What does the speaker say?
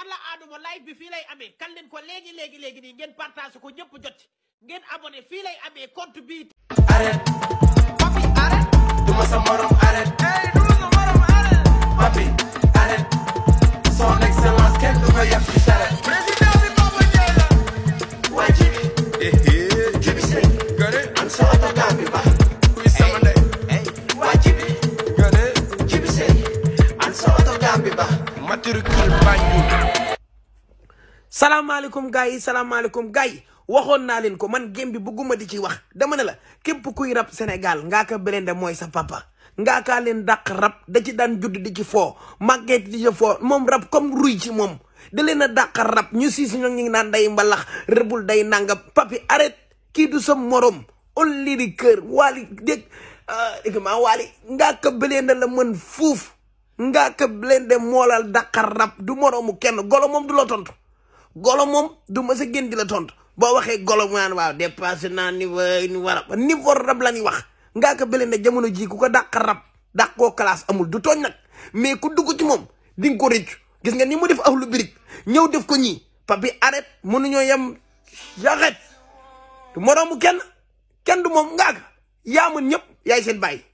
alla aaduma live bi fii lay amee kan leen ko léegi léegi léegi nii ngeen partage ko ñëpp jot ngeen abonné fii lay amee compte bi. arrête. kërikër Banjul salaamaaleykum gars yi salaamaaleykum gars waxoon naa leen ko man gém bi bugguma di ci wax dama ne la képp kuy rab Sénégal Ngaaka Blindé mooy sa papa Ngaaka leen dàq rab da ci daan judd di ci foo màgget di ci foo moom rab comme ruy ci moom da leen a rab rap ñu siis ñoom ñu ngi naan day mbalax rëbul day nanga papi arrête kii du sa moroom on liri kër waali dégg maa euh, waali Ngaaka Blindé la mën fuuf Ngaaka Blindé moolal Dakar rab du moroomu kenn golo moom du la tontu golo moom du ma sa gën di la tontu boo waxee golo maan waaw dépassé naa niveau niveau rab niveau rab la ñuy wax Ngaaka Blindé jamono jii ku ko Dakar rab dàq koo classe amul du tooñ nag mais ku dugg ci moom di nga ko gis nga ni mu def ahlu birik ñëw def ko ñii papi arrête mënuñoo yem yaxet du moroomu kenn kenn du moom Ngaaka yaa mën ñëpp yaay seen bàyyi